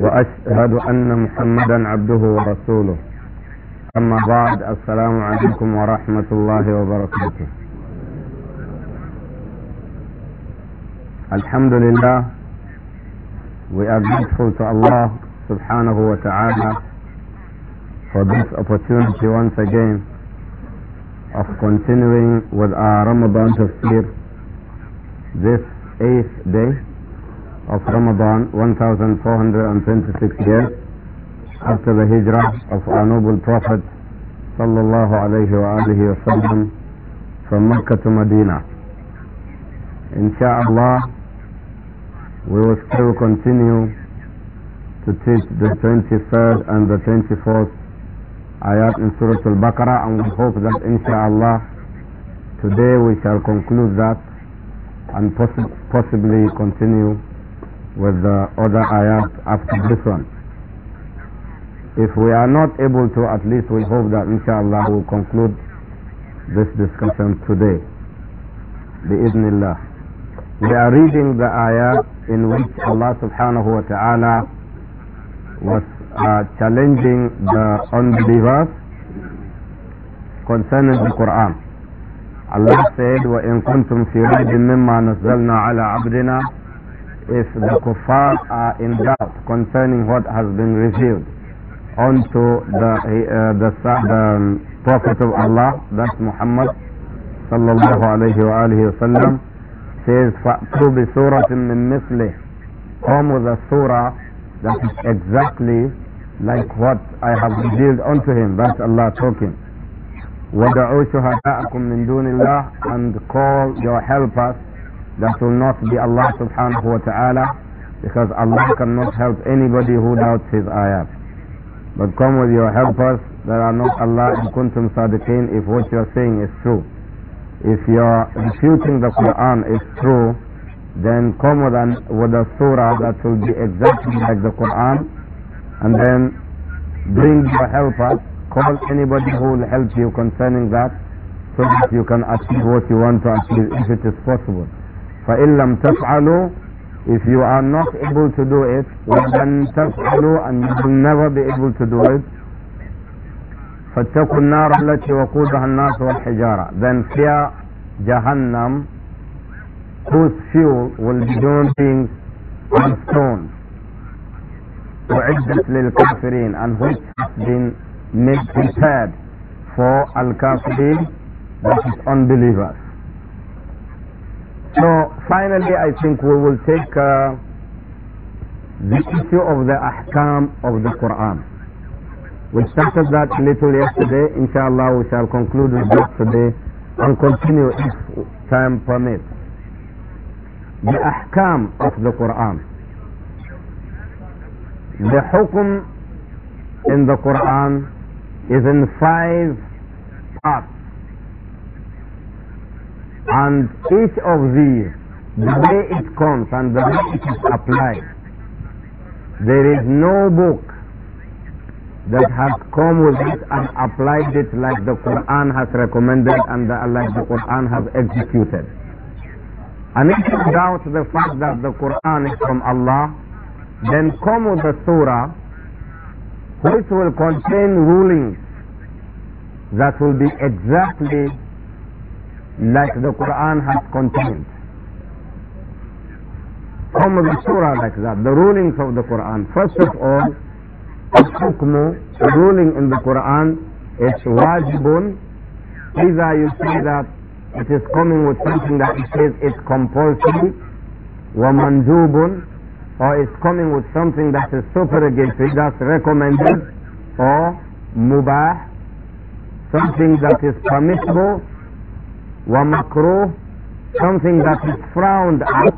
وأشهد أن محمدا عبده ورسوله أما بعد السلام عليكم ورحمة الله وبركاته الحمد لله we are grateful to Allah subhanahu wa ta'ala for this opportunity once again of continuing with our Ramadan tafsir this eighth day of Ramadan, 1426 years after the hijrah of our noble Prophet sallallahu alayhi wa alihi wasallam from Mecca to Medina. Insha'Allah, we will still continue to teach the 23rd and the 24th ayat in Surah Al-Baqarah and we hope that insha'Allah today we shall conclude that and poss possibly continue with the other ayat after this one. If we are not able to, at least we hope that inshallah we'll conclude this discussion today. Bi'idhnillah. We are reading the ayat in which Allah subhanahu wa ta'ala was uh, challenging the unbelievers concerning the Quran. Allah said, وَإِن كُنتُمْ فِي رَيْبٍ مِّمَّا نَزَّلْنَا عَلَىٰ عَبْدِنَا if the kuffar are in doubt concerning what has been revealed onto the, uh, the, the um, Prophet of Allah, that's Muhammad sallallahu alayhi wa alihi wasallam, says, فَأْتُوا بِسُورَةٍ مِّن مِثْلِهِ Come with a surah that is exactly like what I have revealed unto him. That's Allah talking. وَدَعُوا شُهَدَاءَكُم مِّن دُونِ اللَّهِ And call your helpers that will not be Allah subhanahu wa ta'ala because Allah cannot help anybody who doubts his ayat. But come with your helpers that are not Allah in kuntum sadiqeen if what you're saying is true. If you're refuting the Quran is true, then come with, an, with a surah that will be exactly like the Quran and then bring your helper, call anybody who will help you concerning that so that you can achieve what you want to achieve if it is possible. فإن لم تفعلوا if you are not able to do it ولن تفعلوا and you will never be able to do it فاتقوا النار التي وقودها الناس والحجارة then fear Jahannam whose fuel will be doing things on stones وعدت للكافرين and which has been made prepared for al-kafirin that is unbelievers So finally, I think we will take uh, the issue of the ahkam of the Quran. We started that little yesterday. Inshallah, we shall conclude with that today and continue if time permits. The ahkam of the Quran. The hukum in the Quran is in five parts. And each of these, the way it comes and the way it is applied, there is no book that has come with it and applied it like the Quran has recommended and the, like the Quran has executed. And if you doubt the fact that the Quran is from Allah, then come with the surah which will contain rulings that will be exactly like the Quran has contained. from the surah like that, the rulings of the Quran. First of all, الحكم ruling in the Quran is wajibun. Either you say that it is coming with something that it says it's compulsory, wa manjubun, or it's coming with something that is supererogatory, that's recommended, or mubah, something that is permissible, وَمَكْرُوهُ Something that is frowned at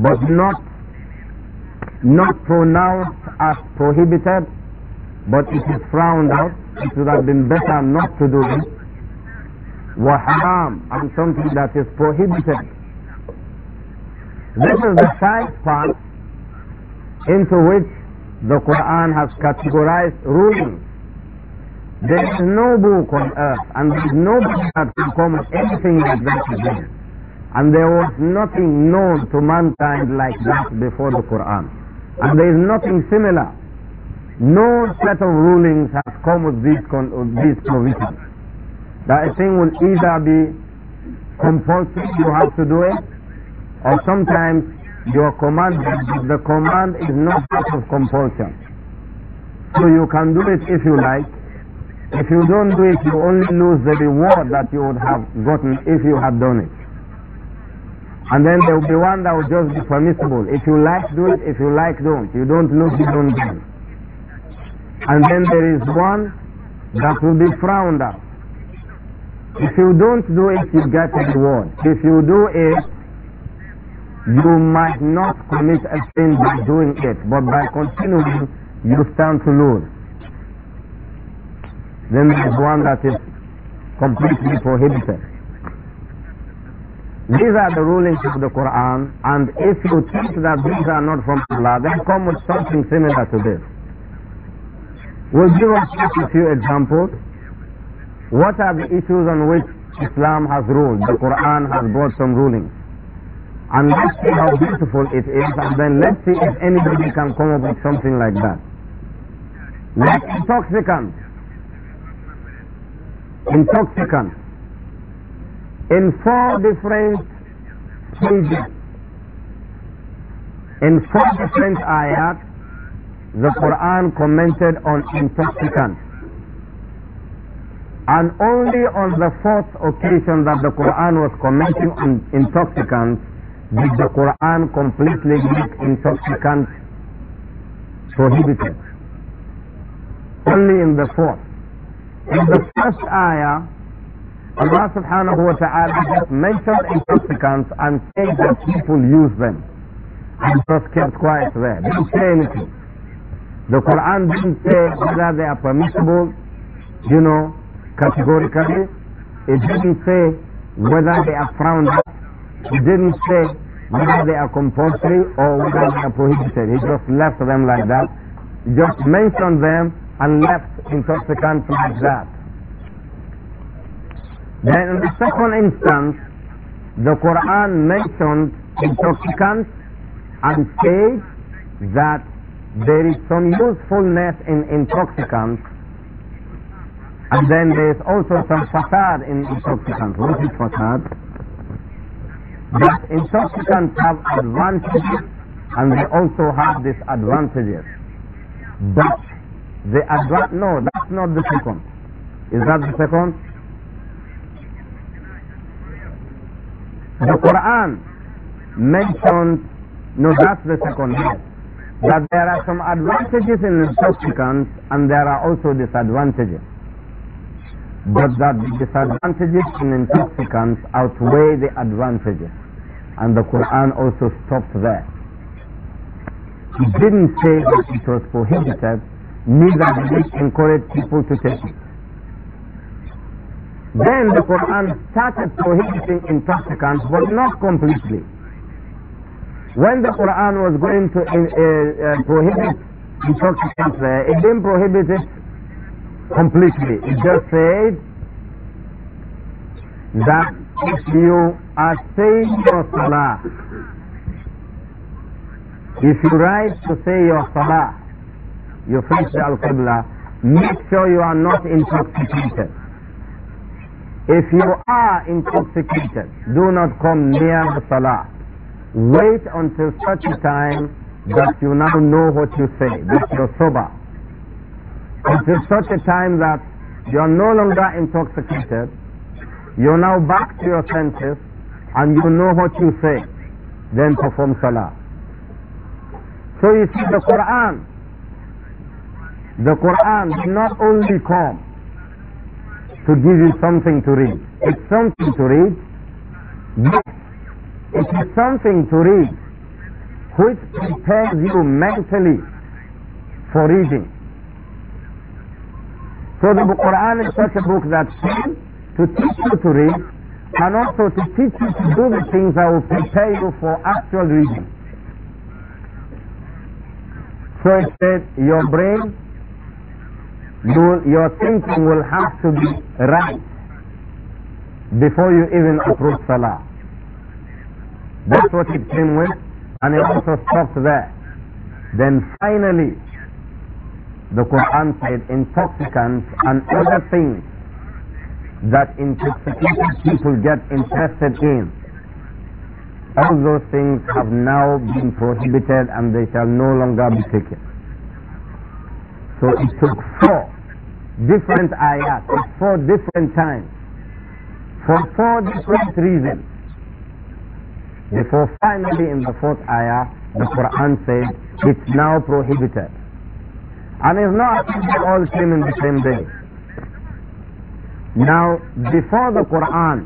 but not not pronounced as prohibited but it is frowned out it would have been better not to do it وَحَرَامٌ and something that is prohibited this is the side part into which the Quran has categorized rulings there is no book on earth, and there is nobody that can come with anything like that today. And there was nothing known to mankind like that before the Quran. And there is nothing similar. No set of rulings has come with these, con- with these provisions. That a thing will either be compulsory, you have to do it, or sometimes you are commanded, the command is not out of compulsion. So you can do it if you like, if you don't do it, you only lose the reward that you would have gotten if you had done it. And then there will be one that will just be permissible. If you like, do it. If you like, don't. You don't lose, you don't gain. And then there is one that will be frowned at. If you don't do it, you get a reward. If you do it, you might not commit a sin by doing it, but by continuing, you stand to lose. Then there is one that is completely prohibited. These are the rulings of the Quran, and if you think that these are not from Allah, then come with something similar to this. We'll give us just a few examples. What are the issues on which Islam has ruled? The Quran has brought some rulings. And let's see how beautiful it is, and then let's see if anybody can come up with something like that. Like intoxicants. Intoxicant. in four different stages, in four different ayat, the Quran commented on intoxicants. And only on the fourth occasion that the Quran was commenting on intoxicants did the Quran completely make intoxicants prohibited. Only in the fourth. In the first ayah, Allah subhanahu wa ta'ala just mentioned intoxicants and said that people use them. And just kept quiet there. Didn't say anything. The Quran didn't say whether they are permissible, you know, categorically. It didn't say whether they are frowned at. It didn't say whether they are compulsory or whether they are prohibited. He just left them like that. He just mentioned them and left in such a country like that. Then in the second instance, the Quran mentioned intoxicants and says that there is some usefulness in intoxicants and then there is also some facade in intoxicants. What is facade? That intoxicants have advantages and they also have disadvantages. But the adra- no, that's not the second. Is that the second? The Quran mentioned, no, that's the second. Yes that there are some advantages in intoxicants and there are also disadvantages. But that the disadvantages in intoxicants outweigh the advantages. And the Quran also stopped there. He didn't say that it was prohibited, neither did it encourage people to take it. Then the Quran started prohibiting intoxicants, but not completely. When the Quran was going to in, uh, uh, prohibit intoxicants there, it didn't prohibit it completely. It just said that if you are saying your salah, if you rise to say your salah, you face the Al-Qibla, make sure you are not intoxicated. If you are intoxicated, do not come near the Salah. Wait until such a time that you now know what you say, that you're sober. Until such a time that you're no longer intoxicated, you're now back to your senses, and you know what you say, then perform salah. So you see the Quran the Quran did not only come to give you something to read. It's something to read, but it is something to read which prepares you mentally for reading. So the Quran is such a book that came to teach you to read and also to teach you to do the things that will prepare you for actual reading. So it said, your brain your thinking will have to be right before you even approach Salah. That's what it came with, and it also stopped there. Then finally, the Quran said intoxicants and other things that intoxicated people get interested in. All those things have now been prohibited and they shall no longer be taken. So it took four different ayat at four different times for four different reasons before finally in the fourth ayah the Quran says it's now prohibited and if not all came in the same day now before the Quran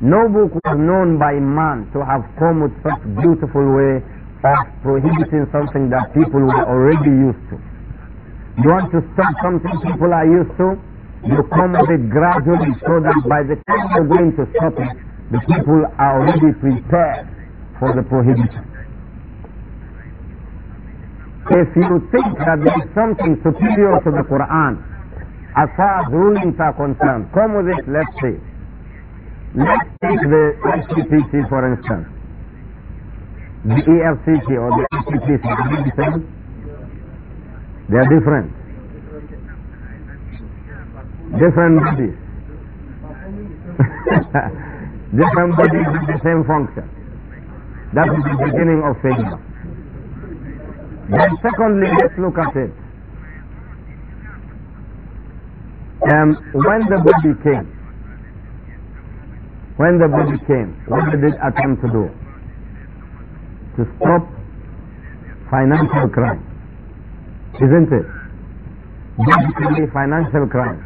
no book was known by man to have come with such beautiful way of prohibiting something that people were already used to you want to stop something people are used to? You come with it gradually so that by the time you're going to stop it, the people are already prepared for the prohibition. If you think that there is something superior to the Quran, as far as rulings are concerned, come with it, let's see. Let's take the ICPC for instance. The EFCC or the ICPC, they are different. Different bodies. different bodies with the same function. That is the beginning of failure. Then secondly, let's look at it. Um, when the body came, when the body came, what did it attempt to do? To stop financial crime. Isn't it? Basically financial crime.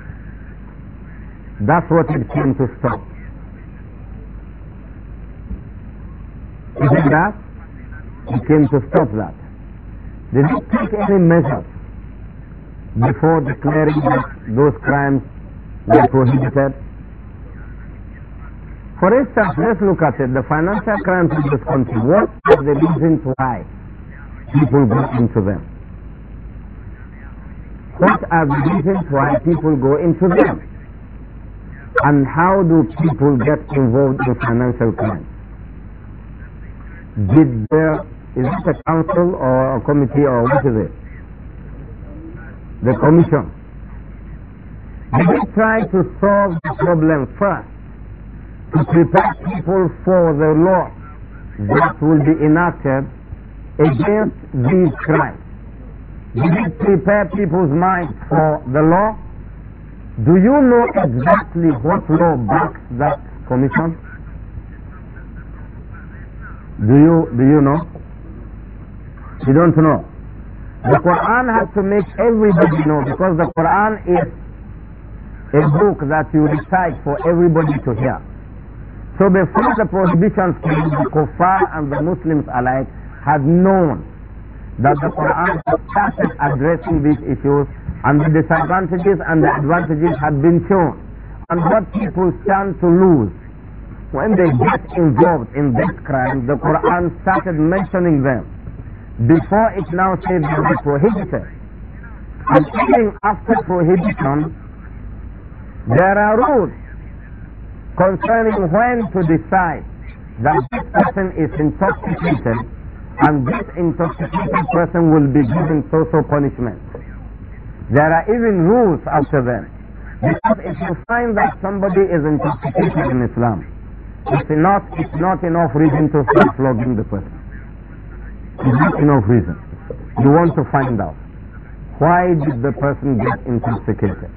That's what it came to stop. Isn't that? It came to stop that. didn't take any measures before declaring that those crimes were prohibited. For instance, let's look at it. The financial crimes in this country, what are the reasons why people go into them? What are the reasons why people go into them? And how do people get involved in financial crime? Did there, is it a council or a committee or what is it? The commission. Did they try to solve the problem first? To prepare people for the law that will be enacted against these crimes? Did it prepare people's minds for the law? Do you know exactly what law backs that commission? Do you do you know? You don't know. The Quran has to make everybody know because the Quran is a book that you recite for everybody to hear. So before the prohibitions came, the kuffar and the Muslims alike had known that the Quran started addressing these issues and the disadvantages and the advantages have been shown and what people stand to lose when they get involved in this crime, the Quran started mentioning them before it now said they were prohibited. And even after prohibition, there are rules concerning when to decide that this person is intoxicated and this intoxicated person will be given social punishment. There are even rules after them. Because if you find that somebody is intoxicated in Islam, it's not, it's not enough reason to start flogging the person. It's not enough reason. You want to find out. Why did the person get intoxicated?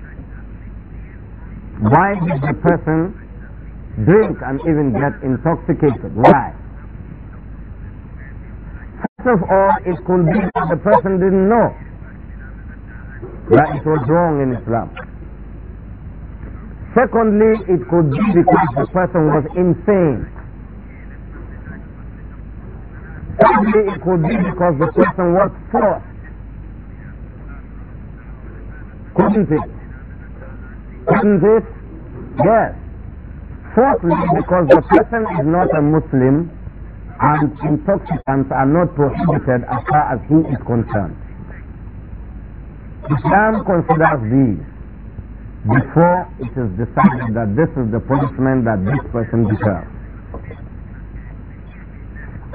Why did the person drink and even get intoxicated? Why? of all, it could be that the person didn't know that it was wrong in Islam. Secondly, it could be because the person was insane. Thirdly, it could be because the person was forced. Couldn't it? Couldn't it? Yes. Fourthly, because the person is not a Muslim, and intoxicants are not prohibited as far as he is concerned. Islam considers these before it is decided that this is the punishment that this person deserves.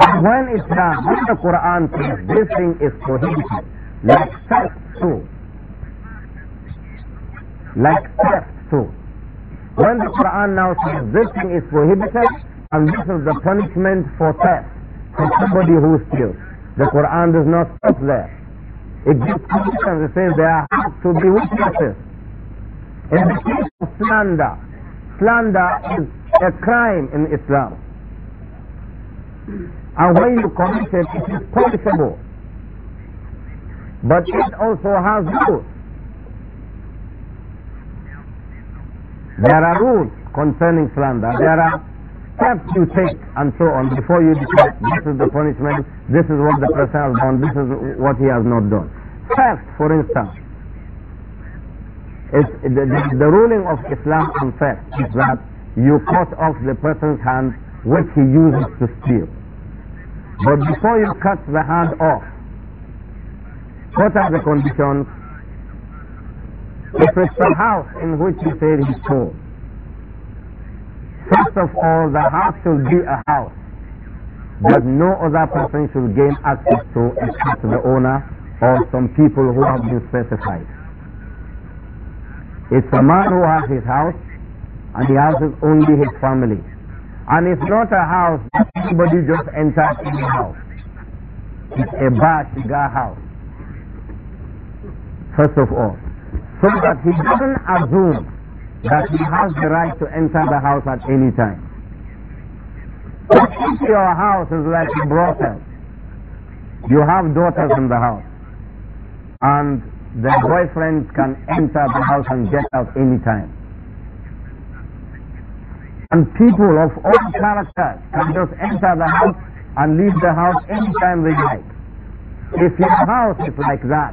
And when Islam, when the Quran says this thing is prohibited, like theft too, like theft too, when the Quran now says this thing is prohibited, and this is the punishment for theft, for somebody who steals. The Quran does not stop there. It gives conditions. It says there are to be witnesses. In the case of slander, slander is a crime in Islam. And when you commit it, it is punishable. But it also has rules. There are rules concerning slander. There are steps you take and so on before you decide this is the punishment, this is what the person has done, this is what he has not done. Theft, for instance, is the, the, the ruling of Islam on theft is that you cut off the person's hand which he uses to steal. But before you cut the hand off, what are the conditions? If it's a house in which he said he stole, First of all, the house should be a house that no other person should gain access to except the owner or some people who have been specified. It's a man who has his house and he has only his family. And it's not a house that anybody just enters in the house. It's a bashiga house. First of all. So that he doesn't assume that he has the right to enter the house at any time. But if your house is like brothel, you have daughters in the house, and their boyfriends can enter the house and get out any time. And people of all characters can just enter the house and leave the house anytime they like. If your house is like that,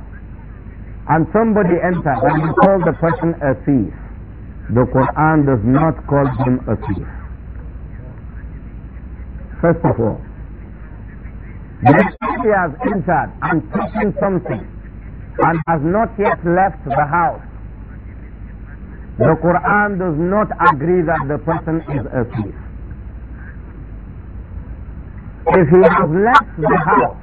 and somebody enters, and you call the person a thief, the Quran does not call him a thief. First of all, if he has entered and taken something and has not yet left the house, the Quran does not agree that the person is a thief. If he has left the house,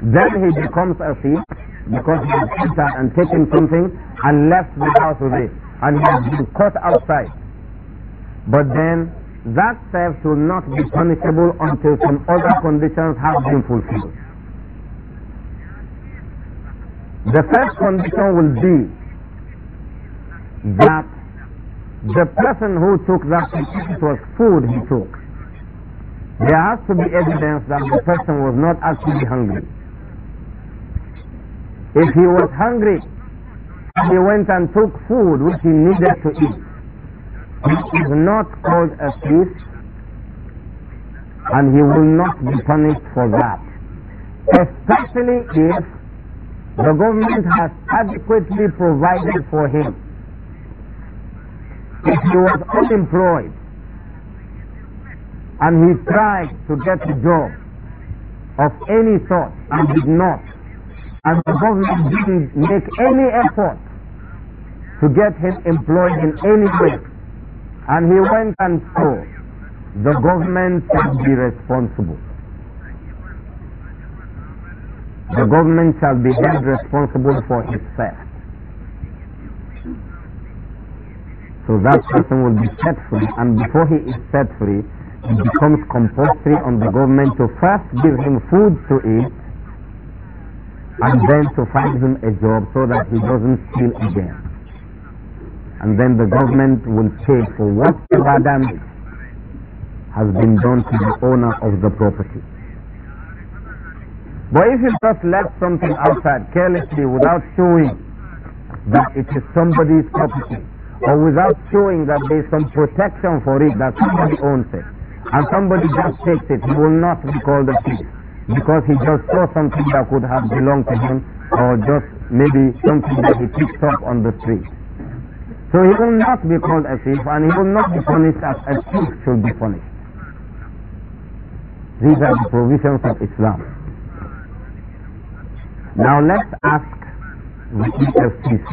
then he becomes a thief because he had entered and taken something and left the house with it and he had been caught outside. But then that theft will not be punishable until some other conditions have been fulfilled. The first condition will be that the person who took that it was food he took, there has to be evidence that the person was not actually hungry. If he was hungry, he went and took food which he needed to eat. This is not called a thief, and he will not be punished for that. Especially if the government has adequately provided for him. If he was unemployed and he tried to get a job of any sort and did not, and the government didn't make any effort to get him employed in any way. And he went and saw the government shall be responsible. The government shall be held responsible for his theft. So that person will be set free, and before he is set free, it becomes compulsory on the government to first give him food to eat and then to find him a job so that he doesn't steal again. And then the government will pay for whatever damage has been done to the owner of the property. But if you just left something outside carelessly without showing that it is somebody's property, or without showing that there is some protection for it, that somebody owns it, and somebody just takes it, he will not be called a thief because he just saw something that could have belonged to him or just maybe something that he picked up on the street. So he will not be called a thief and he will not be punished as a thief should be punished. These are the provisions of Islam. Now let's ask the EFCC.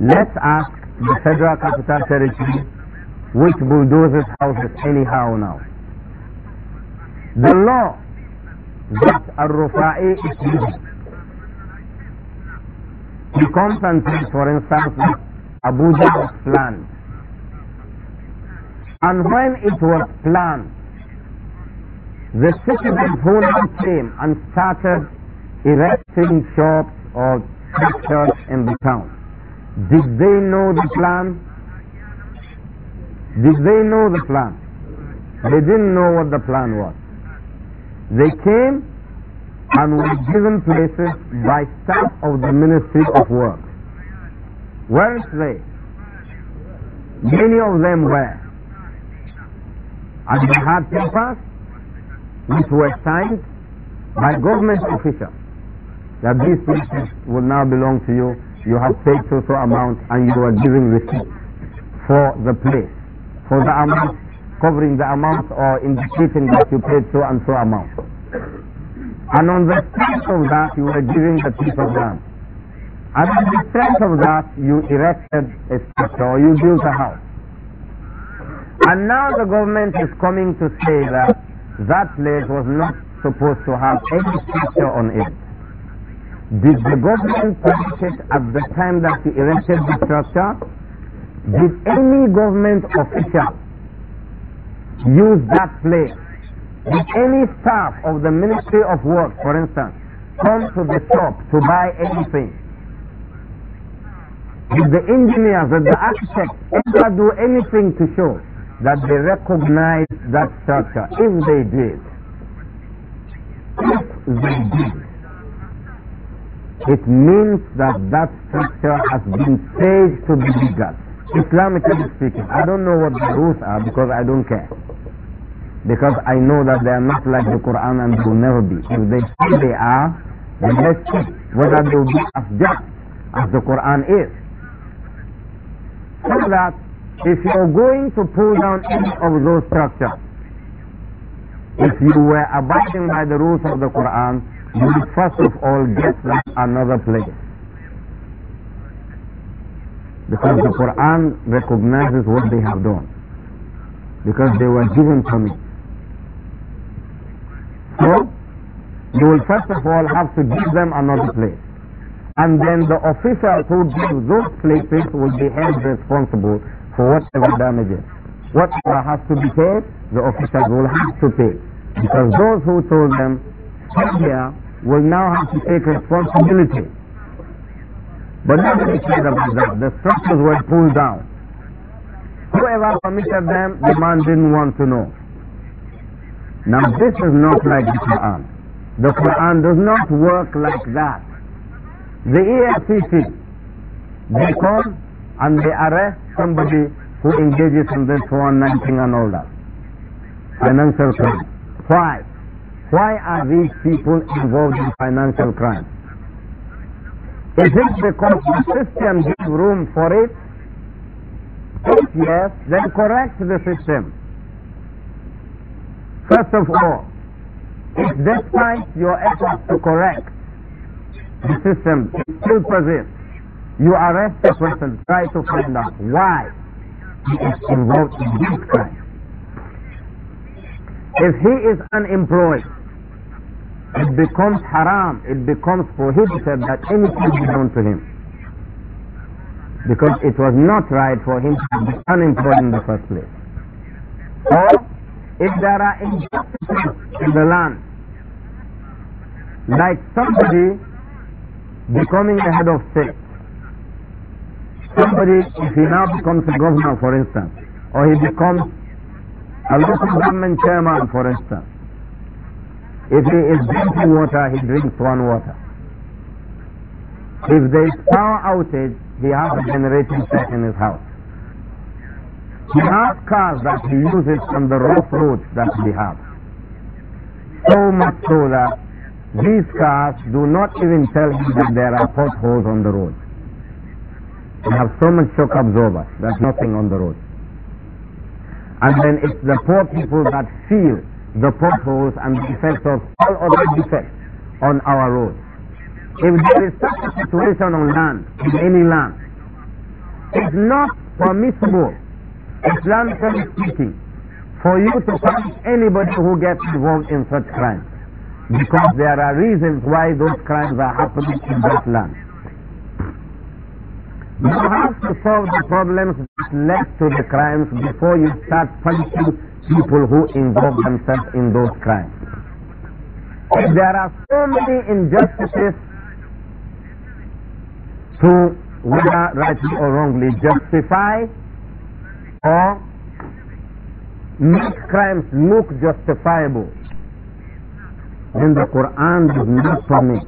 Let's ask the Federal Capital Territory which bulldozes houses anyhow now. The law that Al-Rufa'i is using. He comes and says, for instance, that Abuja was planned. And when it was planned, the citizens who now came and started erecting shops or structures in the town, did they know the plan? Did they know the plan? They didn't know what the plan was. They came and were given places by staff of the Ministry of Work. Where is they? Many of them were. And they had papers which were signed by government officials that these places will now belong to you. You have paid so so amount and you are giving receipt for the place, for the amount, covering the amount or indicating that you paid so and so amount. And on the strength of that, you were giving the of land. And on the strength of that, you erected a structure or you built a house. And now the government is coming to say that that place was not supposed to have any structure on it. Did the government permit it at the time that he erected the structure? Did any government official use that place did any staff of the Ministry of Works, for instance, come to the shop to buy anything? Did the engineers and the architects ever do anything to show that they recognize that structure? If they did, if they did, it means that that structure has been staged to be legal. Islamically speaking, I don't know what the rules are because I don't care because I know that they are not like the Quran and will never be. If they say they are, then let's see whether they will be as just as the Quran is. So that if you're going to pull down any of those structures, if you were abiding by the rules of the Quran, you would first of all get that another place. Because the Quran recognizes what they have done. Because they were given permission. So, you will first of all have to give them another place. And then the officials who give those places will be held responsible for whatever damages. Whatever has to be paid, the officials will have to pay. Because those who told them, stay here, will now have to take responsibility. But nobody cared about that. The structures were pulled down. Whoever permitted them, the man didn't want to know. Now this is not like the Quran. The Quran does not work like that. The EFCC, they call and they arrest somebody who engages in this one nineteen and all that. Financial crime. Why? Why are these people involved in financial crime? Is it because the system gives room for it? If yes, then correct the system. First of all, if despite your efforts to correct the system, it still persists, you arrest the person, try to find out why he is involved in this crime. If he is unemployed, it becomes haram, it becomes prohibited that anything be done to him. Because it was not right for him to be unemployed in the first place. Or if there are injustices in the land, like somebody becoming a head of state, somebody, if he now becomes a governor, for instance, or he becomes a local government chairman, for instance, if he is drinking water, he drinks one water. If there is power outage, he has a generating set in his house. Not cars that use uses on the rough roads that we have. So much so that these cars do not even tell you that there are potholes on the road. They have so much shock absorbers, there's nothing on the road. And then it's the poor people that feel the potholes and the effects of all other defects on our roads. If there is such a situation on land, in any land, it's not permissible Islamically speaking, for you to punish anybody who gets involved in such crimes. Because there are reasons why those crimes are happening in that land. You have to solve the problems that led to the crimes before you start punishing people who involve themselves in those crimes. There are so many injustices to, whether rightly or wrongly, justify or make crimes look justifiable, then the Quran does not permit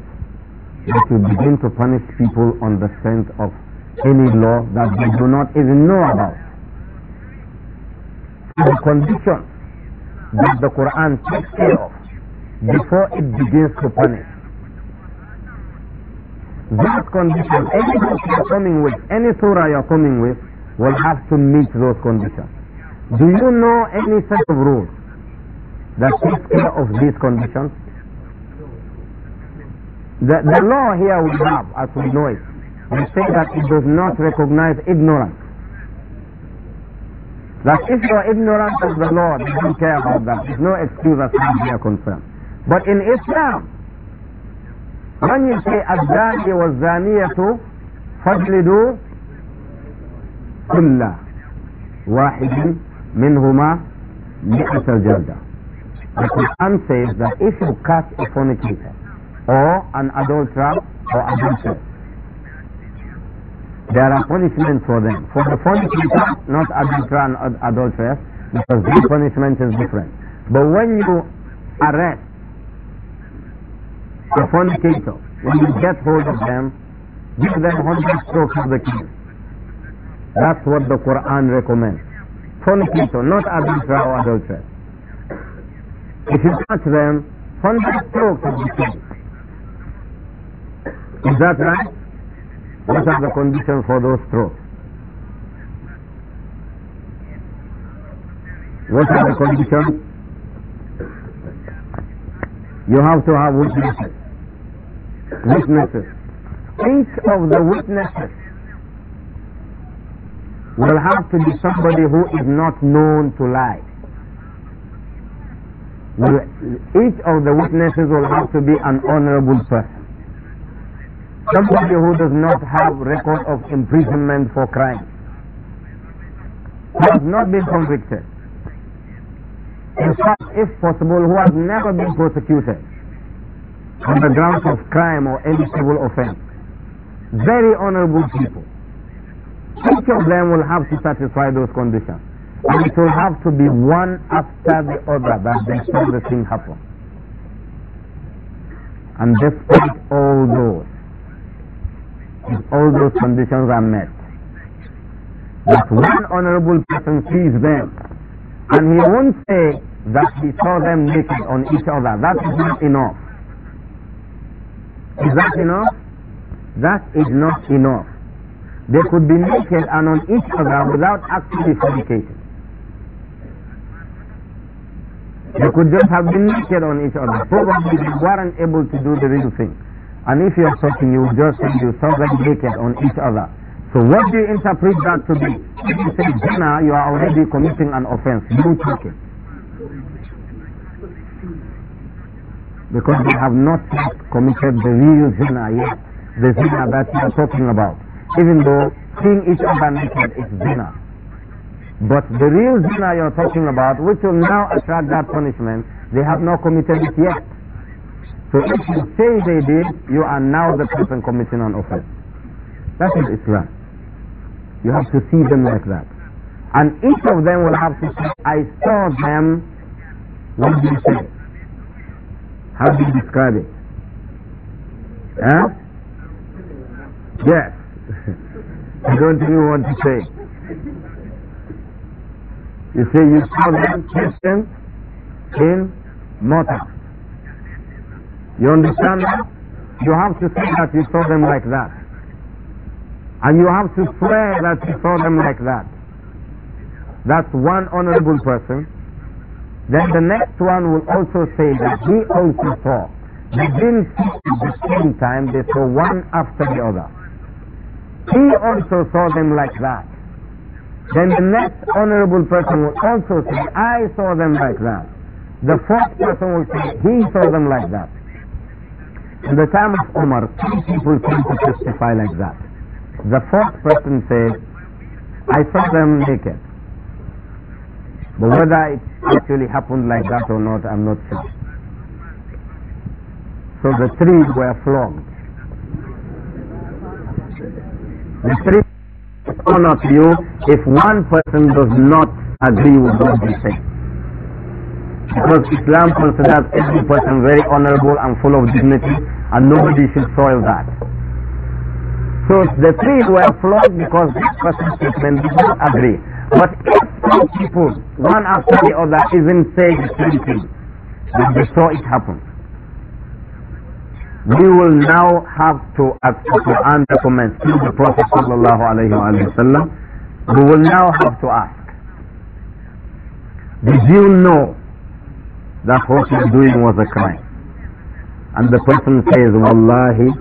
that you begin to punish people on the strength of any law that they do not even know about. The condition that the Quran takes care of before it begins to punish. That condition, any book you're coming with, any surah you're coming with, will have to meet those conditions. Do you know any set of rules that takes care of these conditions? The, the law here we have, as we know it, we say that it does not recognize ignorance. That if you are ignorant of the law, you don't care about that. There's no excuse as far as they are concerned. But in Islam, when you say الزاني to fajlidu? كل واحد منهما مئة الجلدة The Quran says that if you catch a fornicator or an adulterer or adulterer, there are punishments for them. For the fornicator, not adulterer and adulteress, because the punishment is different. But when you arrest the fornicator, when you get hold of them, give them 100 strokes of the cane. That's what the Quran recommends. Fornicator, not adultery or adultery. If you touch them, hundred stroke of the king. Is that right? What are the conditions for those strokes? What are the conditions? You have to have witnesses. Witnesses. Each of the witnesses will have to be somebody who is not known to lie. Will, each of the witnesses will have to be an honorable person. Somebody who does not have record of imprisonment for crime. Who has not been convicted. In fact, if possible, who has never been prosecuted on the grounds of crime or any civil offense. Very honorable people. Each of them will have to satisfy those conditions. And it will have to be one after the other that they saw the thing happen. And despite all those, if all those conditions are met, that one honorable person sees them and he won't say that he saw them naked on each other. That is not enough. Is that enough? That is not enough. They could be naked and on each other without actually fornicating. They could just have been naked on each other. Probably they weren't able to do the real thing. And if you're talking, you just say you saw them naked on each other. So what do you interpret that to be? If you say zina, you are already committing an offense. You talking. Because you have not yet committed the real zina yet, the zina that you are talking about even though seeing each other naked is zina. But the real zina you're talking about, which will now attract that punishment, they have not committed it yet. So if you say they did, you are now the person committing an offense. That is Islam. You have to see them like that. And each of them will have to say, I saw them. What do you say? How do you describe it? Huh? Yes. I don't even want to say. You say you saw them Christian, in Mota. You understand that? You have to say that you saw them like that. And you have to swear that you saw them like that. That's one honorable person. Then the next one will also say that he also saw. They didn't see at the same time, they saw one after the other. He also saw them like that. Then the next honorable person will also say, I saw them like that. The fourth person will say, he saw them like that. In the time of Omar, three people came to testify like that. The fourth person says, I saw them naked. But whether it actually happened like that or not, I'm not sure. So the three were flogged. The three one of you if one person does not agree with what you say. Because Islam considers every person very honorable and full of dignity and nobody should soil that. So the three were flawed because this person's statement did not agree. But if some people, one after the other, even say the same thing, then they saw it happen we will now have to, as Quran documents through the Prophet sallallahu alayhi wa we will now have to ask, did you know that what you're doing was a crime? And the person says, Wallahi,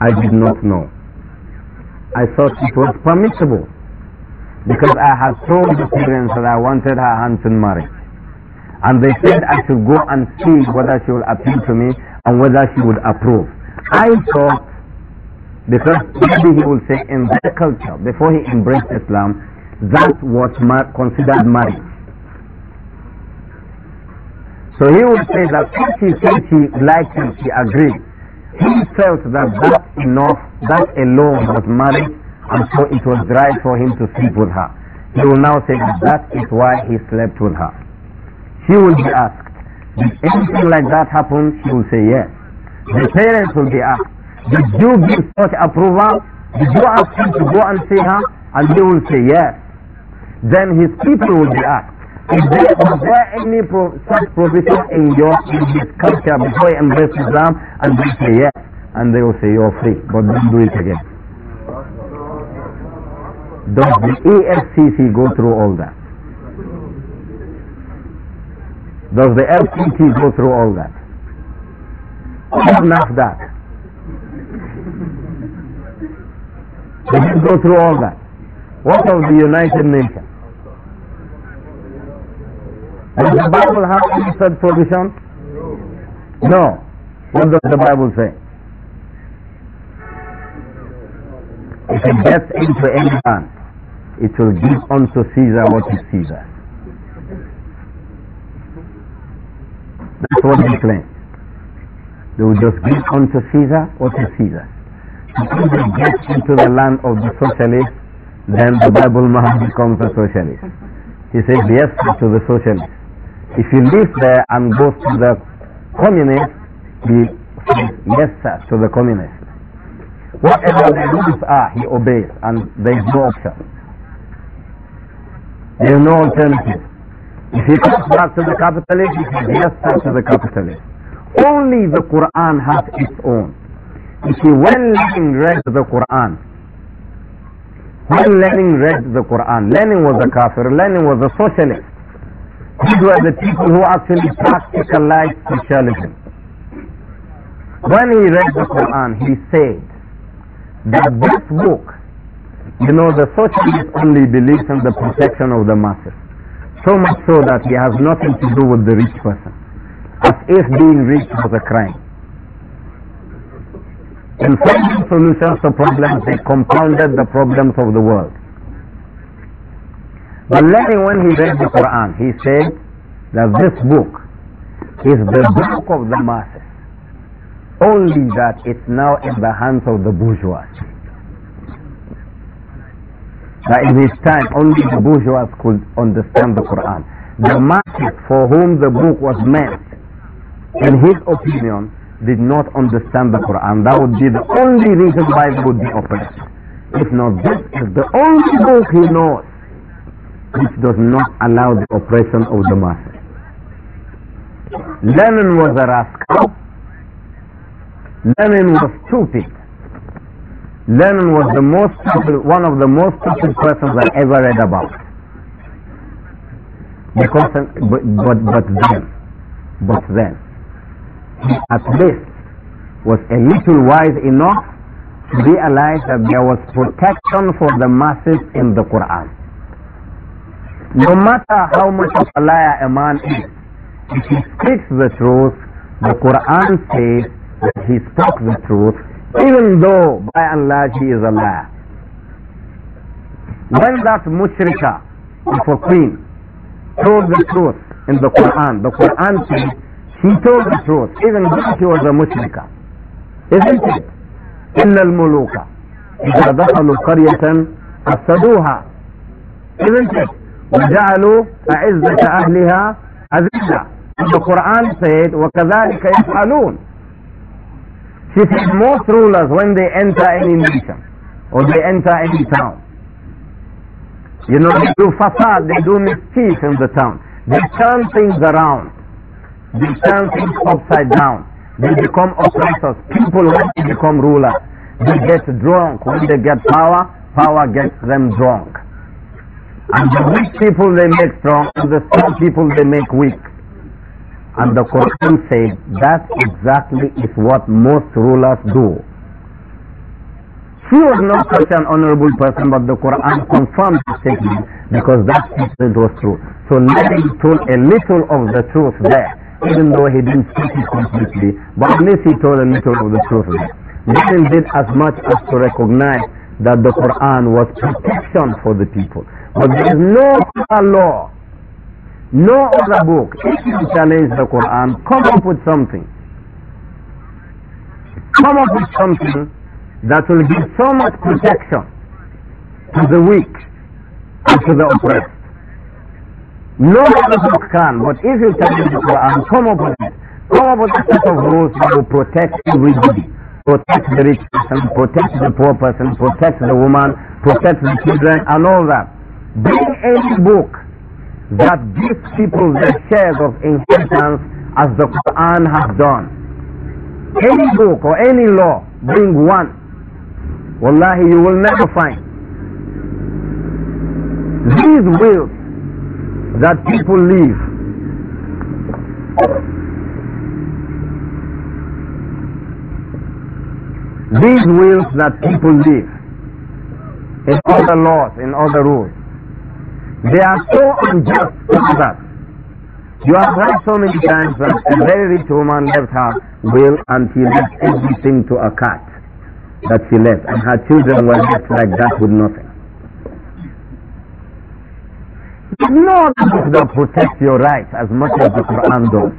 I did not know. I thought it was permissible because I had told the parents that I wanted her hand in marriage. And they said I should go and see whether she will appeal to me and whether she would approve. I thought, because maybe he will say in that culture, before he embraced Islam, that was considered marriage. So he would say that since she said she liked him, she agreed. He felt that that enough, that alone was marriage, and so it was right for him to sleep with her. He will now say that that is why he slept with her. She will be asked, if anything like that happens, She will say yes. The parents will be asked, did you give such approval? Did you ask him to go and see her? And they will say yes. Then his people will be asked, is there, is there any pro such provision in your in his culture before you embrace Islam? And they say yes. And they will say you're free, but don't do it again. Does the AFCC go through all that? Does the L T T go through all that? Or not that? Does it go through all that? What of the United Nations? Does the Bible have any such provision? No. What does the Bible say? If it gets into any hand, it will give unto Caesar what is Caesar. That's what they claim. They will just give unto Caesar what is Caesar. If they get into the land of the socialists, then the Bible man becomes a socialist. He says yes to the socialists. If he lives there and goes to the communists, he says yes sir, to the communists. Whatever the rules are, he obeys, and there is no option. There is no alternative. If he comes back to the capitalist, he says yes sir to the capitalist. Only the Quran has its own. You see, when Lenin read the Quran, when Lenin read the Quran, Lenin was a kafir, Lenin was a socialist. These were the people who actually practicalized socialism. When he read the Quran, he said that this book, you know, the socialist only believes in the protection of the masses. So much so that he has nothing to do with the rich person. As if being rich was a crime. In finding solutions to problems, they compounded the problems of the world. But Larry, when he read the Quran, he said that this book is the book of the masses, only that it's now in the hands of the bourgeoisie. That in his time only the bourgeois could understand the Quran. The masses for whom the book was meant, in his opinion, did not understand the Quran. That would be the only reason why it would be oppressed. If not this is the only book he knows which does not allow the oppression of the masses. Lenin was a rascal. Lenin was stupid. Lenin was the most one of the most stupid persons I ever read about. Because, but, but, but then, but then, he at least was a little wise enough to realize that there was protection for the masses in the Quran. No matter how much of a liar a man is, if he speaks the truth, the Quran says that he spoke the truth even though by and large he is a liar. When that mushrika, for queen, told the truth in the Quran, the Quran says she told the truth even though she was a mushrika. Isn't it? إلا الملوك إذا دخلوا قرية أفسدوها. Isn't it? وجعلوا أعزة أهلها أذلة. The Quran said وكذلك يفعلون. She said most rulers when they enter any nation or they enter any town, you know, they do facade, they do mischief in the town. They turn things around. They turn things upside down. They become oppressors. People want to become rulers. They get drunk. When they get power, power gets them drunk. And the weak people they make strong, and the strong people they make weak. And the Quran said that exactly is what most rulers do. She was not such an honorable person, but the Quran confirmed the statement because that statement was true. So Nabi told a little of the truth there, even though he didn't speak it completely, but at least he told a little of the truth there. Nabi did as much as to recognize that the Quran was protection for the people. But there is no law no other book. If you challenge the Quran, come up with something. Come up with something that will give so much protection to the weak and to the oppressed. No other book can, but if you challenge the Quran, come up with it. Come up with a set of rules that will protect everybody. Protect the rich person, protect the poor person, protect the woman, protect the children, and all that. Bring any book that gives people the shares of inheritance as the Quran has done. Any book or any law, bring one. Wallahi, you will never find. These wills that people leave. These wills that people leave in other laws, in other rules. They are so unjust to You have heard so many times that a very rich woman left her will and she left everything to a cat that she left, and her children were left like that with nothing. No, of the protects your rights as much as the Quran does.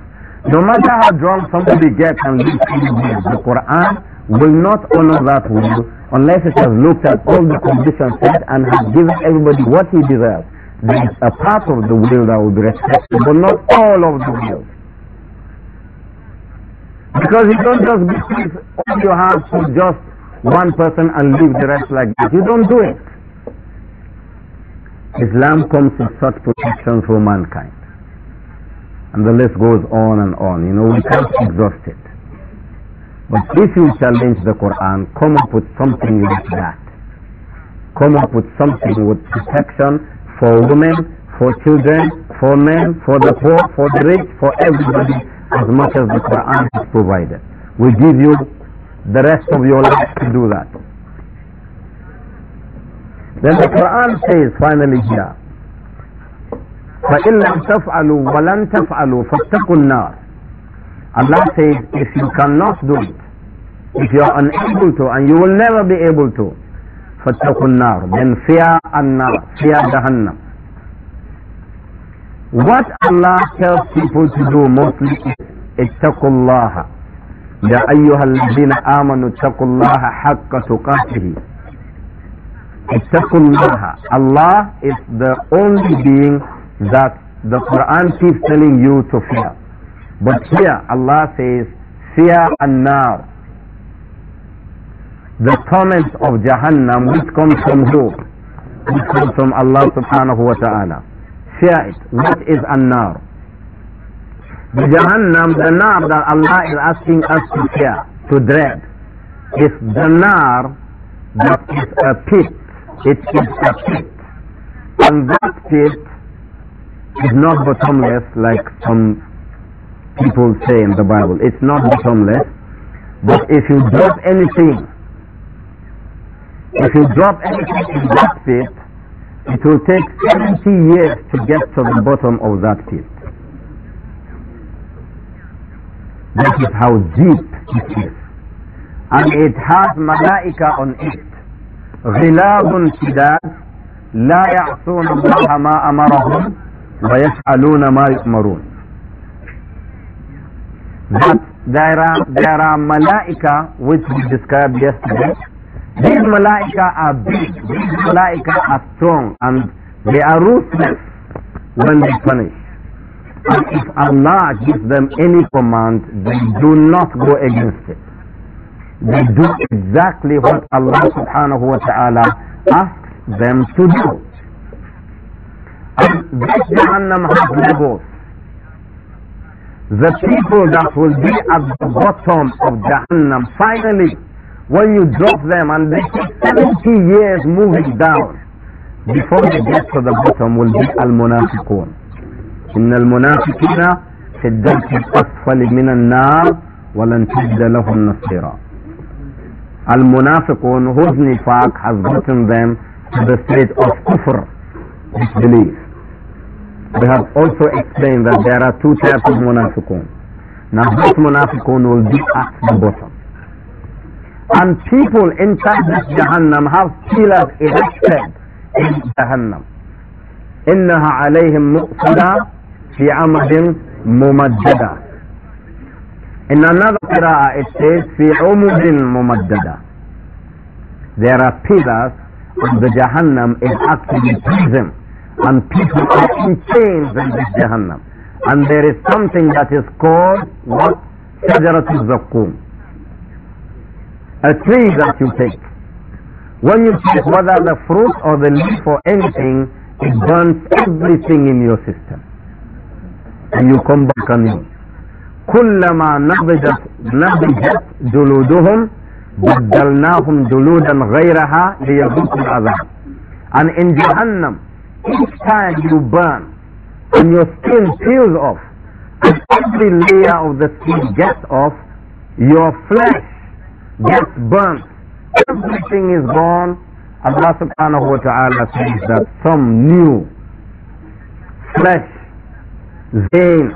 No matter how drunk somebody gets and leaves you, the Quran will not honor that will unless it has looked at all the conditions set and has given everybody what he deserves there's a part of the will that will be respected, but not all of the will. Because you don't just give all your heart to just one person and leave the rest like that. You don't do it. Islam comes with such protection for mankind. And the list goes on and on. You know, we can't exhaust it. But if you challenge the Quran, come up with something like that. Come up with something with protection for women, for children, for men, for the poor, for the rich, for everybody, as much as the Quran has provided. We give you the rest of your life to do that. Then the Quran says finally here, فَإِن لَمْ تَفْعَلُوا وَلَنْ تَفْعَلُوا فَاتَّقُوا النَّارِ Allah says, if you cannot do it, if you are unable to, and you will never be able to, فاتقوا النار then fear النار fear Jahannam what Allah tells people to do mostly is اتقوا الله يا أيها الذين آمنوا اتقوا الله حق تقاته اتقوا الله Allah is the only being that the Quran keeps telling you to fear but here Allah says fear النار the torment of Jahannam which comes from who? Which comes from Allah subhanahu wa ta'ala. Share it. What is an-nar? The Jahannam, the nar that Allah is asking us to share, to dread, is the nar that is a pit. It is a pit. And that pit is not bottomless like some people say in the Bible. It's not bottomless. But if you drop anything if you drop anything in that pit, it will take 70 years to get to the bottom of that pit. That is how deep it is. And it has malaika on it. غلاب لا يعصون الله ما أمرهم ما يؤمرون. But there are, there are malaika which we described yesterday these malaika are big, these malaika are strong and they are ruthless when they punish. And if Allah gives them any command, they do not go against it. They do exactly what Allah subhanahu wa ta'ala asks them to do. And this Jahannam has levels. The people that will be at the bottom of Jahannam finally when you drop them and they 70 years moving down before they get to the bottom will be al-munafiqun. إن المنافقين في الدرك الأسفل من النار ولن تجد لهم نصيرا. Al-munafiqun whose nifaq has gotten them to the state of kufr, disbelief. We have also explained that there are two types of munafiqun. Now those munafiqun will be at the bottom. And people inside Jahannam have pillars erected in Jahannam. إنها عليهم مؤصدة في عمد ممددة. In another qira'ah it says في عمد ممددة. There are pillars in the Jahannam is actually prison and people are in chains in this Jahannam. And there is something that is called what? شجرة الزقوم a tree that you take. When you take whether the fruit or the leaf or anything, it burns everything in your system. And you come back on it. كلما نضجت نضجت جلودهم بدلناهم جلودا غيرها ليذوقوا العذاب. And in Jahannam, each time you burn and your skin peels off, and every layer of the skin gets off, your flesh gets burnt. Everything is gone. Allah subhanahu wa ta'ala says that some new flesh, veins,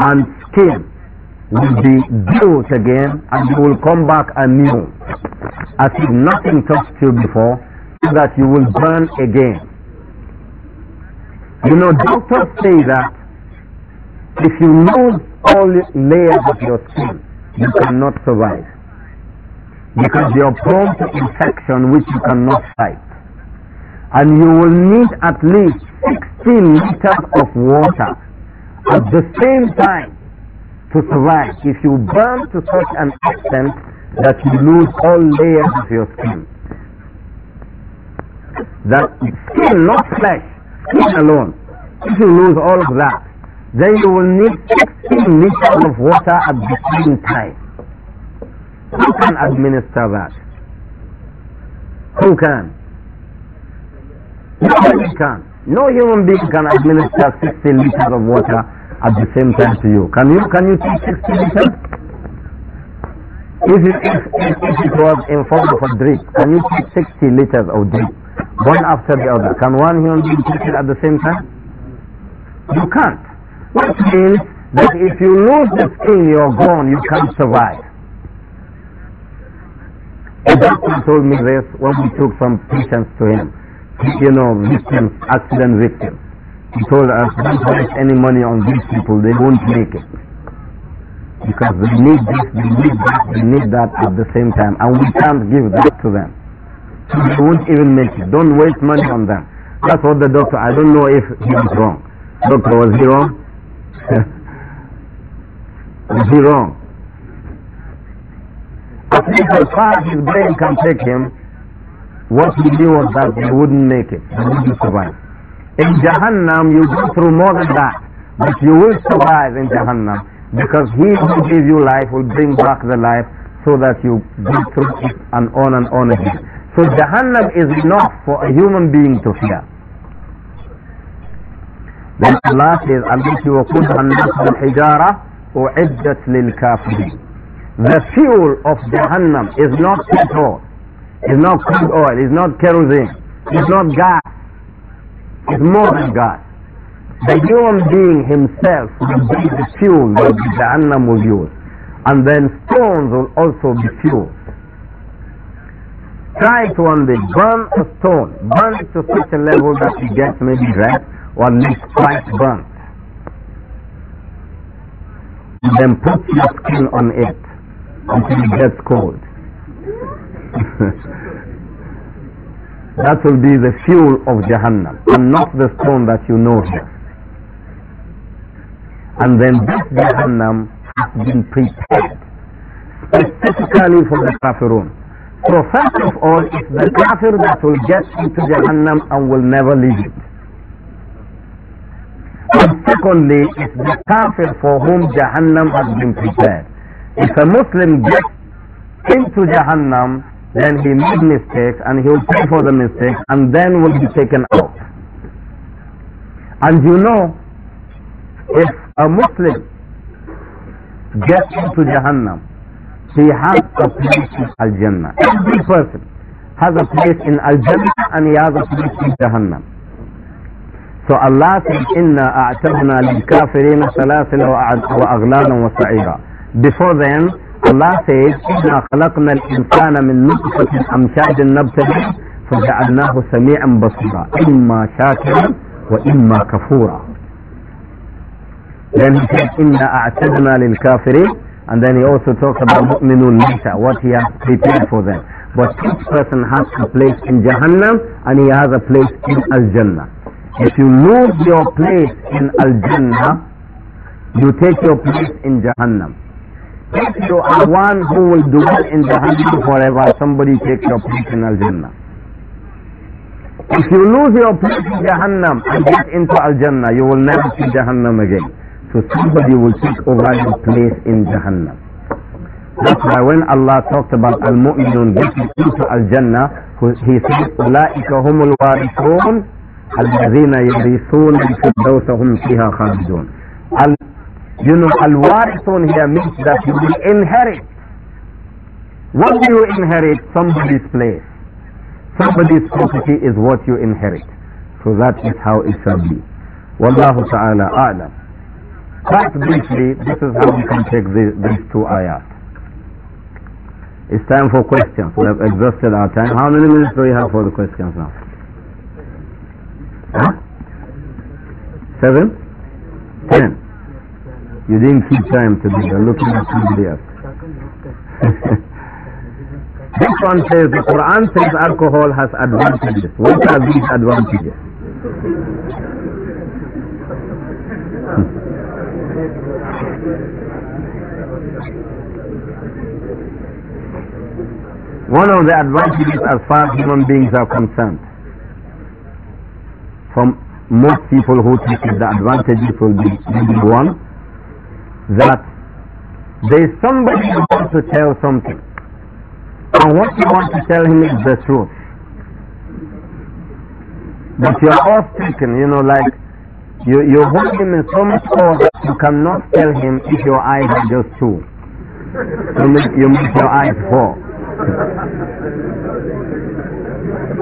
and skin will be built again and you will come back anew as if nothing touched you before so that you will burn again. You know, doctors say that if you lose all layers of your skin, you cannot survive because you're prone to infection which you cannot fight. And you will need at least 16 liters of water at the same time to survive. If you burn to such an extent that you lose all layers of your skin, that skin, not flesh, skin alone, if you lose all of that, then you will need 16 liters of water at the same time. Who can administer that? Who can? Nobody can. No human being can administer 60 liters of water at the same time to you. Can you can you take 60 liters? If it, if, if it was in form of a drink, can you take 60 liters of drink, one after the other? Can one human being take it at the same time? You can't. Which means that if you lose the skin, you're gone, you can't survive. The doctor told me this when we took some patients to him. You know, victims, accident victims. He told us, don't waste any money on these people, they won't make it. Because they need this, they need that, they need that at the same time, and we can't give that to them. So they won't even make it. Don't waste money on them. That's what the doctor, I don't know if he was wrong. Doctor, was he wrong? was he wrong? At least as far as his brain can take him, what he knew was that he wouldn't make it, He wouldn't survive. In Jahannam, you go through more than that, but you will survive in Jahannam because he who gives you life will bring back the life so that you go through it and on and on again. So Jahannam is enough for a human being to fear. Then Allah says, التي وقودها الناس والحجارة أعدت للكافرين. The fuel of Jahannam is not petrol, is not crude oil, is not kerosene, is not gas. It's more than gas. The human being himself will be the fuel that Jahannam will use. And then stones will also be fuel. Try to one day burn a stone, burn it to such a level that it gets maybe red or at least quite burnt. Then put your skin on it until it gets cold. that will be the fuel of Jahannam and not the stone that you know here. And then this Jahannam has been prepared specifically for the Kafirun. So first of all, it's the Kafir that will get into Jahannam and will never leave it. And secondly, it's the Kafir for whom Jahannam has been prepared. If a Muslim gets into Jahannam, then he made mistakes and he will pay for the mistakes and then will be taken out. And you know, if a Muslim gets into Jahannam, he has a place in Al Jannah. Every person has a place in Al Jannah and he has a place in Jahannam. So Allah says, إِنَّا أَعْتَدْنَا لِلْكَافِرِينَ سَلَاسِلَ وَأَغْلَالًا وَسَعِيرًا Before then, Allah says, إِنَّا خَلَقْنَا الْإِنسَانَ مِنْ نُطْفَةٍ أَمْشَاجٍ نَبْتَلِهِ فَجَعَلْنَاهُ سَمِيعًا بَصِيرًا إِمَّا شَاكِرًا وَإِمَّا كَفُورًا Then he said, إِنَّا أَعْتَدْنَا لِلْكَافِرِينَ And then he also talks about مؤمنون later, what he has prepared for them. But each person has a place in Jahannam and he has a place in Al-Jannah. If you lose your place in Al-Jannah, you take your place in Jahannam. So, one who will do well in Jahannam forever, somebody takes your place in Al-Jannah. If you lose your place in Jahannam and get into Al-Jannah, you will never see Jahannam again. So somebody will take over your place in Jahannam. That's why when Allah talked about Al-Mu'minun getting into Al-Jannah, he said, أُولَٰئِكَ هُمُ الْوَارِثُونَ الَّذِينَ يَرِثُونَ الْفِرْدَوْسَ هُمْ فِيهَا خَالِدُونَ you know, al-warithun here means that you will inherit. What do you inherit? Somebody's place. Somebody's property is what you inherit. So that is how it shall be. Wallahu ta'ala a'lam. Quite briefly, this is how we can take the, these two ayat. It's time for questions. We have exhausted our time. How many minutes do we have for the questions now? Huh? Seven? Ten? You didn't keep time to be there looking at somebody else. this one says the Quran says alcohol has advantages. What are these advantages? one of the advantages as far as human beings are concerned from most people who take the advantages will be number one, that there is somebody who wants to tell something and what you want to tell him is the truth but you are off taken you know like you, you hold him in so much awe that you cannot tell him if your eyes are just two you make, you make your eyes fall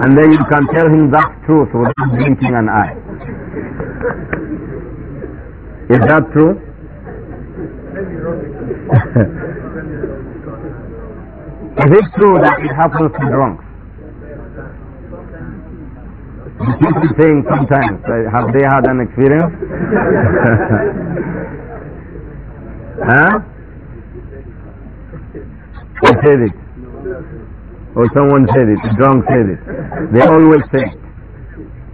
and then you can tell him that truth without blinking an eye is that true? Is it true that it happens to drunks? You keep saying sometimes, uh, have they had an experience? huh? Who said it? Or someone said it, drunk said it. They always say it.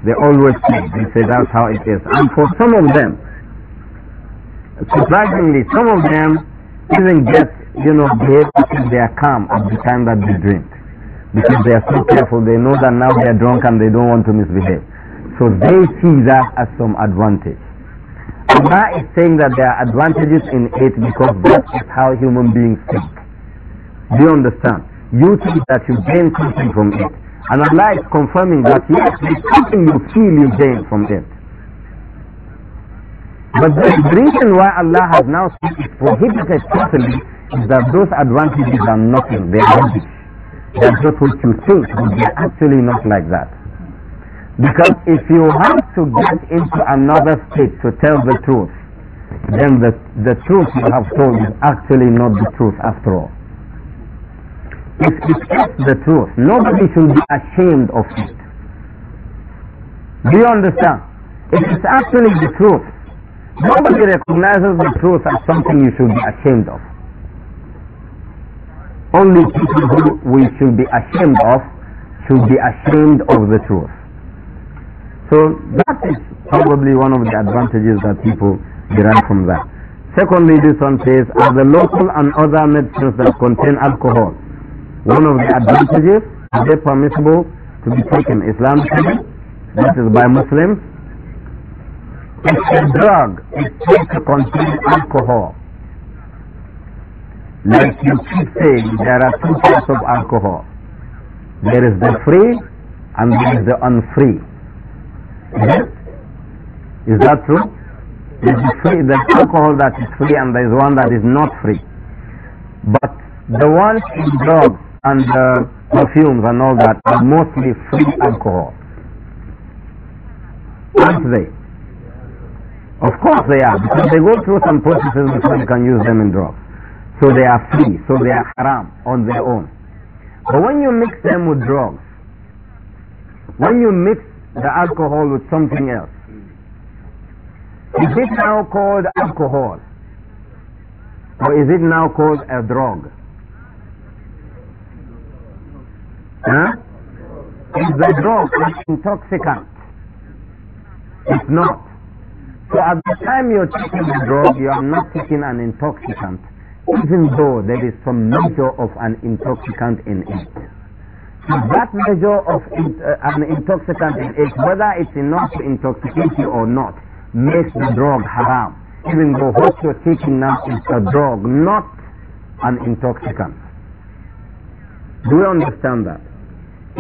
They always say it. They say that's how it is. And for some of them, surprisingly, some of them even just, you know, behave as they are calm at the time that they drink. Because they are so careful, they know that now they are drunk and they don't want to misbehave. So they see that as some advantage. Allah is saying that there are advantages in it because that is how human beings think. Do you understand? You think that you gain something from it. And Allah is confirming that yes, something you feel you gain from it. But the, reason why Allah has now prohibited totally is that those advantages are nothing, they are rubbish. They are just what you think, but they are actually not like that. Because if you have to get into another state to tell the truth, then the, the truth you have told is actually not the truth after all. If it is the truth, nobody should be ashamed of it. Do you understand? It is actually the truth. Nobody recognizes the truth as something you should be ashamed of. Only people who we should be ashamed of should be ashamed of the truth. So that is probably one of the advantages that people derive from that. Secondly, this one says, are the local and other medicines that contain alcohol one of the advantages? Are they permissible to be taken Islamically? That is by Muslims. It's a drug. It's used to contain alcohol. Like you keep saying, there are two types of alcohol. There is the free and there is the unfree. Is that true? There's, free, there's alcohol that is free and there's one that is not free. But the ones in drugs and uh, perfumes and all that are mostly free alcohol. Aren't they? Of course they are, because they go through some processes before you can use them in drugs. So they are free, so they are haram on their own. But when you mix them with drugs, when you mix the alcohol with something else, is it now called alcohol? Or is it now called a drug? Huh? Is the drug an intoxicant? It's not. So at the time you're taking the drug, you are not taking an intoxicant, even though there is some measure of an intoxicant in it. So that measure of in, uh, an intoxicant in it, whether it's enough to intoxicate you or not, makes the drug haram. Even though what you're taking now is a drug, not an intoxicant. Do you understand that?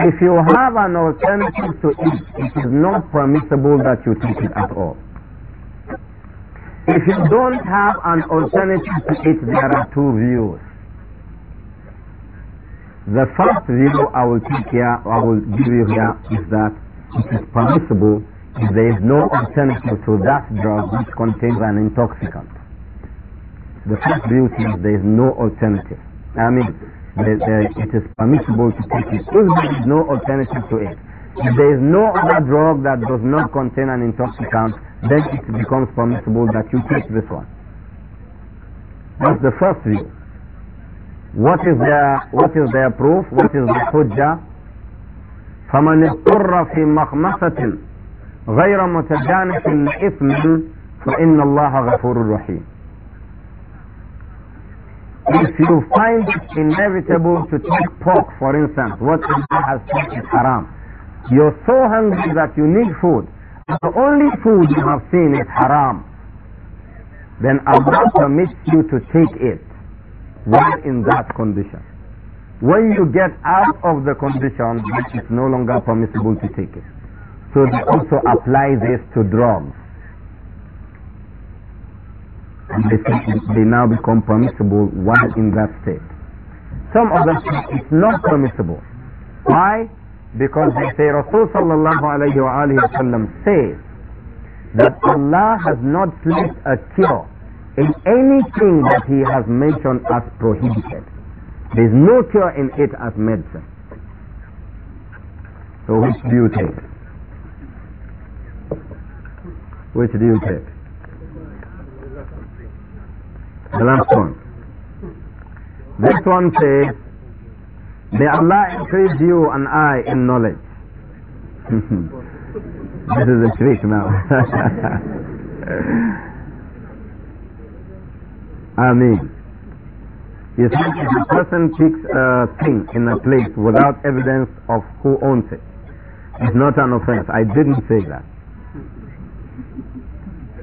If you have an alternative to it, it is not permissible that you take it at all. If you don't have an alternative to it, there are two views. The first view I will take here, I will give you here, is that it is permissible if there is no alternative to that drug which contains an intoxicant. The first view is there is no alternative. I mean, it is permissible to take it if there is no alternative to it there is no other drug that does not contain an intoxicant, then it becomes permissible that you take this one. That's the first view. What is their, what is their proof? What is the hujjah? فمن اضطر في مخمصة غير متجانف لإثم فإن الله غفور رحيم. If you find it inevitable to take pork, for instance, what Allah has said is haram, you're so hungry that you need food. The only food you have seen is haram. Then Allah permits you to take it while in that condition. When you get out of the condition, it's no longer permissible to take it. So they also apply this to drugs. And they, they now become permissible while in that state. Some of say it's not permissible. Why? because they say Rasul sallallahu alayhi wa alayhi wasallam says that Allah has not placed a cure in anything that He has mentioned as prohibited. There is no cure in it as medicine. So which do you take? Which do you take? The last one. This one says May Allah increase you and I in knowledge. this is a trick now. I mean, you see, if a person picks a thing in a place without evidence of who owns it, it's not an offense. I didn't say that.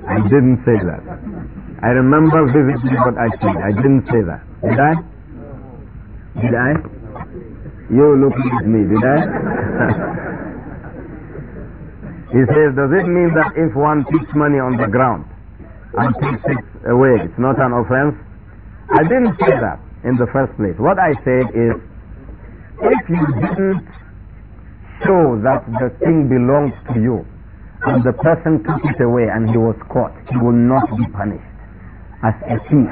I didn't say that. I remember vividly what I said. I didn't say that. Did I? Did I? You looking at me, did I? he says, does it mean that if one puts money on the ground and takes it away, it's not an offense? I didn't say that in the first place. What I said is, if you didn't show that the thing belongs to you, and the person took it away and he was caught, he will not be punished as a thief.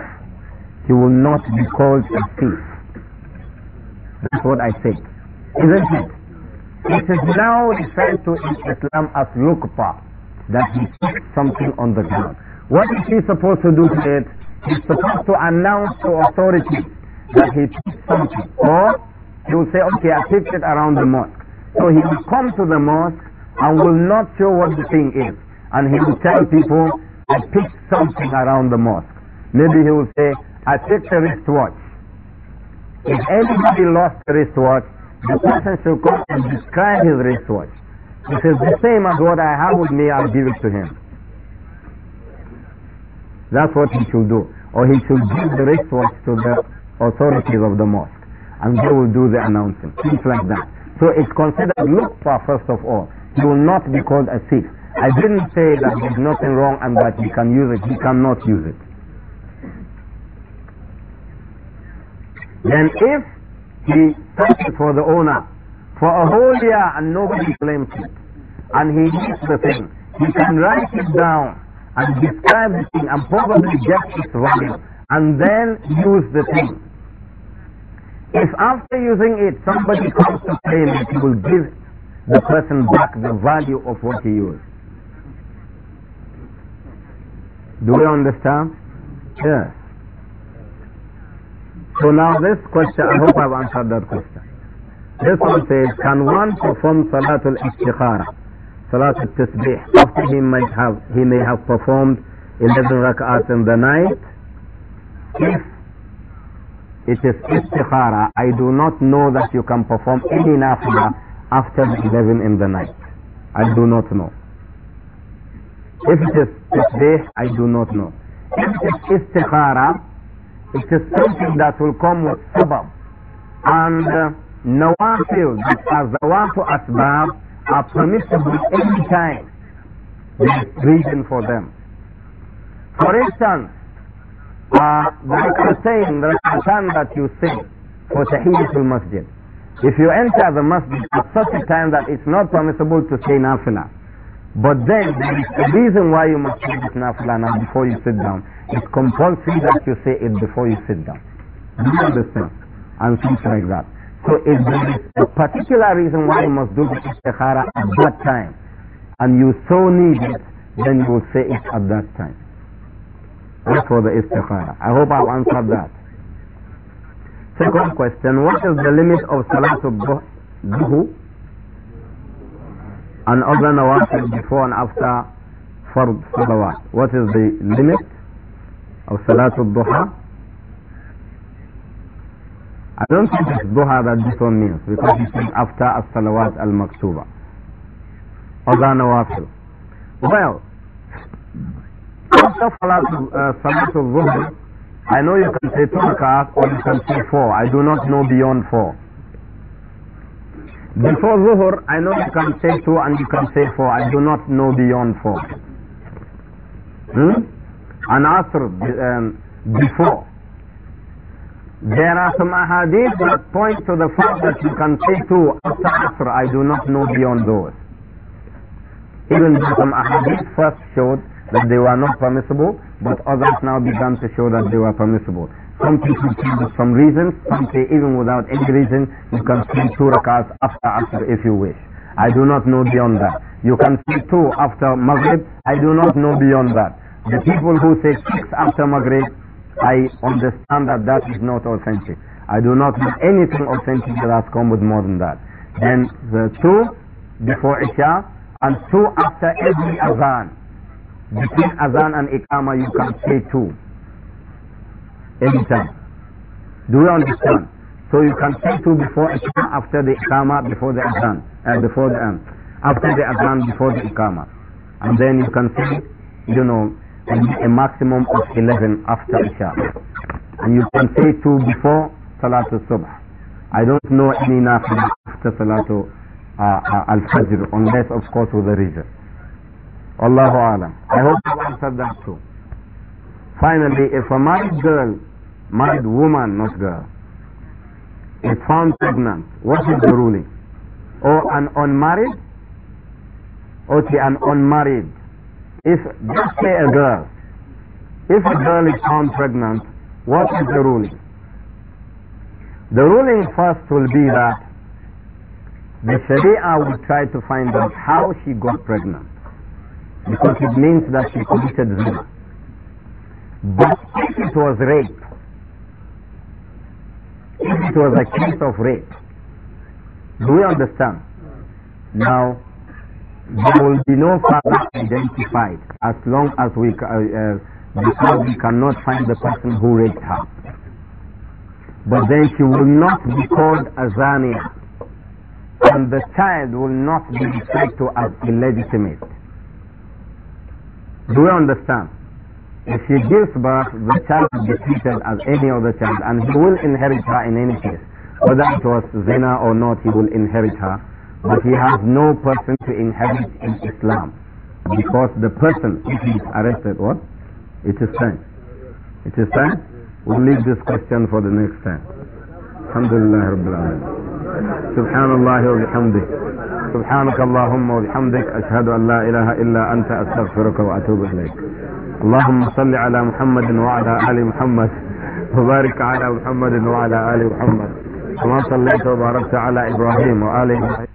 He will not be called a thief. That's what I said. Isn't it? It is now referred to in Islam as lukpa, that he puts something on the ground. What is he supposed to do to it? He's supposed to announce to authorities that he put something. Or he will say, okay, I picked it around the mosque. So he will come to the mosque and will not show what the thing is. And he will tell people, I picked something around the mosque. Maybe he will say, I picked a wristwatch. If anybody lost a wristwatch, the person should come and describe his wristwatch. This is the same as what I have with me, I'll give it to him. That's what he should do. Or he should give the wristwatch to the authorities of the mosque. And they will do the announcing. Things like that. So it's considered lukpa first of all. He will not be called a thief. I didn't say that there's nothing wrong and that he can use it. He cannot use it. Then if he searches for the owner for a whole year and nobody claims it, and he needs the thing, he can write it down and describe the thing and probably get its value and then use the thing. If after using it somebody comes to claim it, he will give the person back the value of what he used. Do you understand? Yes. So now this question, I hope I've answered that question. This one says, can one perform Salatul Istikhara, Salatul Tisbih, after he might have, he may have performed 11 rak'ahs in the night? If it is Istikhara, I do not know that you can perform any nafila after 11 in the night. I do not know. If it is Tisbih, I do not know. If it is Istikhara, it is something that will come with sabab. And uh, nawafil that are zawatu asbab are permissible any time. There is reason for them. For instance, uh, the Rakatan, the Rakatan that you sing for Tahiyatul Masjid. If you enter the masjid at such a time that it's not permissible to say nafilah, but then, the reason why you must say this nafla before you sit down it's compulsory that you say it before you sit down. Do you understand? And things like that. So if there is a particular reason why you must do the istikhara at that time, and you so need it, then you will say it at that time. That's for the istikhara. I hope I've answered that. Second question, what is the limit of salatul duhu and other nawafil before and after fard salawat. What is the limit of salatul duha? I don't think it's duha that this one means because it says after as-salawat al-maktuba. Other nawafil. Well, after salatul, uh, salatul duha, I know you can say two or you can say four. I do not know beyond four. Before Zuhur, I know you can say two and you can say four. I do not know beyond four. Hmm? And after um, before. There are some ahadith that point to the fact that you can say two after Asr. I do not know beyond those. Even though some ahadith first showed that they were not permissible, but others now began to show that they were permissible. Some people say with some reason, some say even without any reason, you can say two rakats after after if you wish. I do not know beyond that. You can say two after Maghrib, I do not know beyond that. The people who say six after Maghrib, I understand that that is not authentic. I do not know anything authentic that has come with more than that. Then the two before Isha and two after every Azan. Between Azan and Iqama you can say two anytime. Do you understand? So you can say two before Iqama, after the Iqama, before the Adhan, uh, before the, um, after the Adhan, before the Iqama. And then you can say, you know, a maximum of 11 after Isha. And you can say two before Salatul Subh. I don't know any after Salatul uh, uh, Al-Fajr, unless of course with a reason. Allahu Alam. I hope you answered that too. Finally, if a married girl, married woman, not girl, is found pregnant, what is the ruling? Or an unmarried? Okay, an unmarried. If, just say a girl. If a girl is found pregnant, what is the ruling? The ruling first will be that the Sharia will try to find out how she got pregnant. Because it means that she committed zina. But if it was rape, if it was a case of rape, do we understand? Now, there will be no father identified as long as we, uh, uh, because we cannot find the person who raped her. But then she will not be called Azania, and the child will not be described to as illegitimate. Do we understand? If she gives birth, the child will be treated as any other child and he will inherit her in any case. Whether it was zina or not, he will inherit her. But he has no person to inherit in Islam. Because the person, if he is arrested, what? It is time. It is time. We'll leave this question for the next time. Alhamdulillah Rabbil Alameen. سبحان الله وبحمده سبحانك اللهم Ashhadu an أن لا illa anta astaghfiruka wa atubu ilayk. اللهم صل على محمد وعلى آل محمد وبارك على محمد وعلى آل محمد كما صليت وباركت على إبراهيم وآل إبراهيم